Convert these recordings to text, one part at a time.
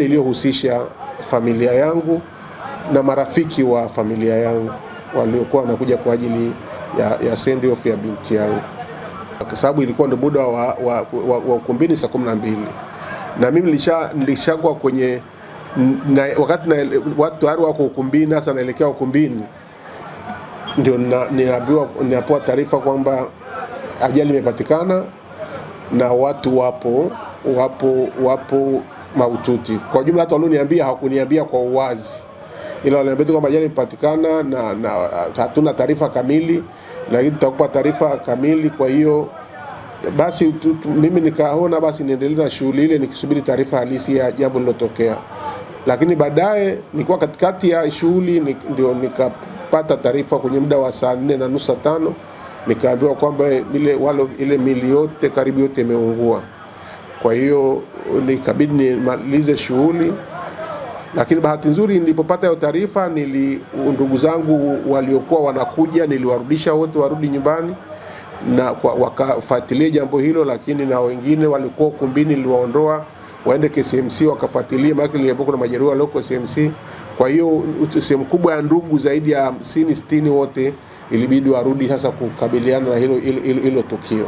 iliyohusisha familia yangu na marafiki wa familia yangu waliokuwa wanakuja kwa ajili ya, ya send off ya binti yangu, kwa sababu ilikuwa ndio muda wa, wa, wa, wa ukumbini saa kumi na mbili na mimi nilisha nilishakuwa kwenye na, wakati na, watu tayari wako ukumbini, hasa naelekea ukumbini, ndio ninaambiwa ninapewa taarifa kwamba ajali imepatikana na watu wapo wapo wapo maututi. Kwa jumla hata walioniambia hawakuniambia kwa uwazi, ila waliambia tu kwamba ajali imepatikana na, na uh, hatuna taarifa kamili, lakini tutakupa taarifa kamili. Kwa hiyo basi tu, tu, mimi nikaona basi niendelee na shughuli ile nikisubiri taarifa halisi ya jambo lilotokea, lakini baadaye nilikuwa katikati ya shughuli ndio nikapata taarifa kwenye muda wa saa nne na nusu tano, nikaambiwa kwamba eh, ile wale ile mili yote karibu yote imeungua. Kwa hiyo nikabidi nimalize shughuli, lakini bahati nzuri nilipopata hiyo taarifa, nili ndugu zangu waliokuwa wanakuja niliwarudisha wote warudi nyumbani na wakafuatilia jambo hilo, lakini na wengine walikuwa ukumbini niliwaondoa waende KCMC wakafuatilia, maana nilipo kuna majeruhi walioko KCMC. Kwa hiyo sehemu kubwa ya ndugu zaidi ya 50 60 wote ilibidi warudi sasa kukabiliana na hilo hilo, hilo, hilo tukio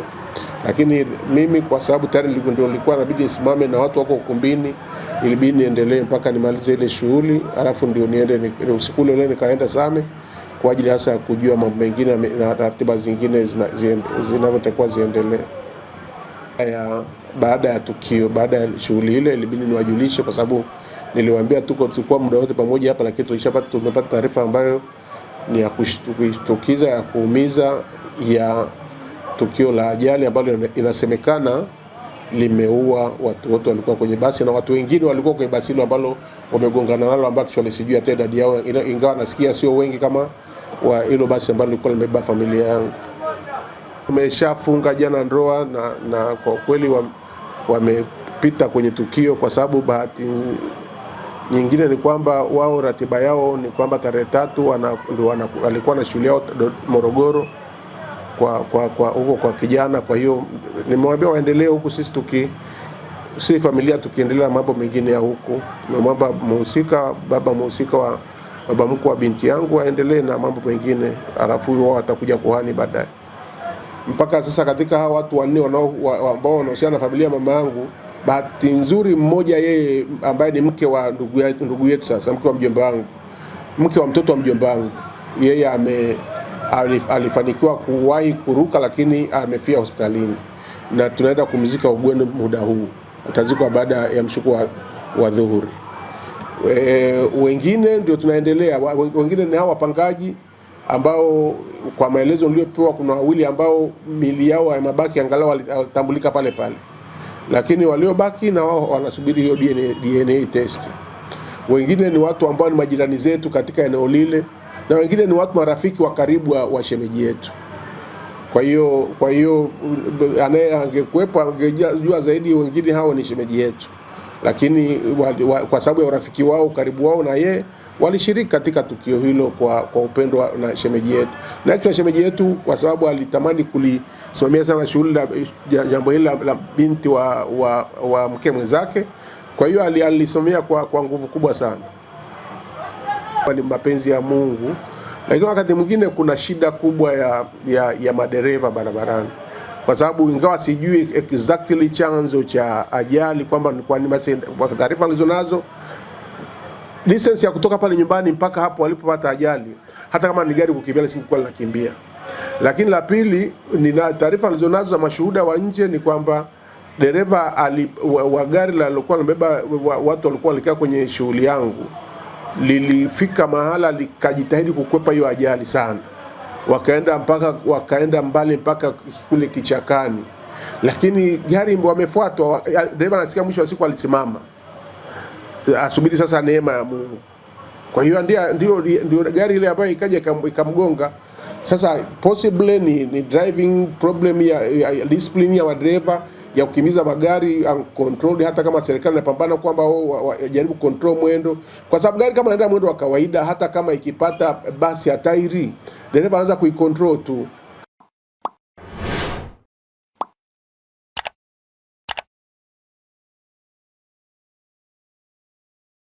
lakini mimi kwa sababu tayari ndio nilikuwa inabidi nisimame na watu wako ukumbini, ilibidi niendelee mpaka nimalize ile shughuli, alafu ndio niende usiku ule ule nikaenda Same kwa ajili hasa ya kujua mambo mengine na ratiba zingine zinavyotakiwa ziendelee. Ya, baada ya tukio, baada ya shughuli ile ilibidi niwajulishe, kwa sababu niliwaambia tuko tulikuwa muda wote pamoja hapa, lakini tulishapata tumepata taarifa ambayo ni ya kushtukiza ya kuumiza ya tukio la ajali ambalo inasemekana limeua watu wote walikuwa kwenye basi na watu wengine walikuwa kwenye basi hilo ambalo wamegongana nalo, ambao actually sijui hata idadi yao, ingawa nasikia sio wengi kama wa hilo basi ambalo lilikuwa limebeba familia yangu. Tumeshafunga jana ndoa na, na kwa kweli wamepita kwenye tukio, kwa sababu bahati nyingine ni kwamba wao ratiba yao ni kwamba tarehe tatu walikuwa na shughuli yao Morogoro kwa kwa kwa huko kwa kijana. Kwa hiyo nimewaambia waendelee huku, sisi tuki si familia tukiendelea mambo mengine ya huku, mambo mhusika baba mhusika wa baba mkuu wa binti yangu aendelee na mambo mengine, alafu wao watakuja kuhani baadaye. Mpaka sasa katika hawa watu wanne ambao wa, wanahusiana na familia mama yangu, bahati nzuri mmoja yeye ambaye ni mke wa ndugu yetu, ndugu yetu sasa, mke wa mjomba wangu, mke wa mtoto wa mjomba wangu, yeye ame alif, alifanikiwa kuwahi kuruka lakini amefia hospitalini na tunaenda kumzika Ugweno muda huu, atazikwa baada ya mshuku wa, wa dhuhuri. E, wengine ndio tunaendelea, wengine ni hao wapangaji ambao kwa maelezo niliyopewa kuna wawili ambao mili yao ya mabaki angalau walitambulika pale pale, lakini waliobaki na wao wanasubiri hiyo DNA, DNA test. Wengine ni watu ambao ni majirani zetu katika eneo lile na wengine ni watu marafiki wa karibu wa shemeji yetu. Kwa hiyo kwa hiyo anaye angekuwepo angejua zaidi, wengine hao ni shemeji yetu, lakini wa, wa, kwa sababu ya urafiki wao karibu wao na ye walishiriki katika tukio hilo kwa, kwa upendo na shemeji yetu na kwa shemeji yetu, kwa sababu alitamani kulisimamia sana shughuli jambo hili la binti wa, wa, wa mke mwenzake. Kwa hiyo alisimamia kwa, kwa nguvu kubwa sana ni mapenzi ya Mungu, lakini wakati mwingine kuna shida kubwa ya, ya, ya madereva barabarani, kwa sababu ingawa sijui exactly chanzo cha ajali kwamba kwa taarifa nilizonazo distance ya kutoka pale nyumbani mpaka hapo walipopata ajali, hata kama ni gari kukimbia lisingekuwa linakimbia. Lakini la pili, nina taarifa nilizonazo za mashuhuda wa nje ni kwamba dereva wa gari lililokuwa linabeba watu walikuwa walikaa kwenye shughuli yangu lilifika mahala likajitahidi kukwepa hiyo ajali sana, wakaenda mpaka wakaenda mbali mpaka kule kichakani, lakini gari wamefuatwa, dereva anasikia mwisho wa siku alisimama asubiri sasa neema ya Mungu. Kwa hiyo ndio ndio ndio gari ile ambayo ikaja ikamgonga. Sasa possibly ni, ni driving problem ya, ya discipline ya madereva ya kukimiza magari uncontrolled, hata kama serikali inapambana kwamba wajaribu control mwendo, kwa sababu gari kama inaenda mwendo wa kawaida, hata kama ikipata basi ya tairi, dereva anaweza kuicontrol tu.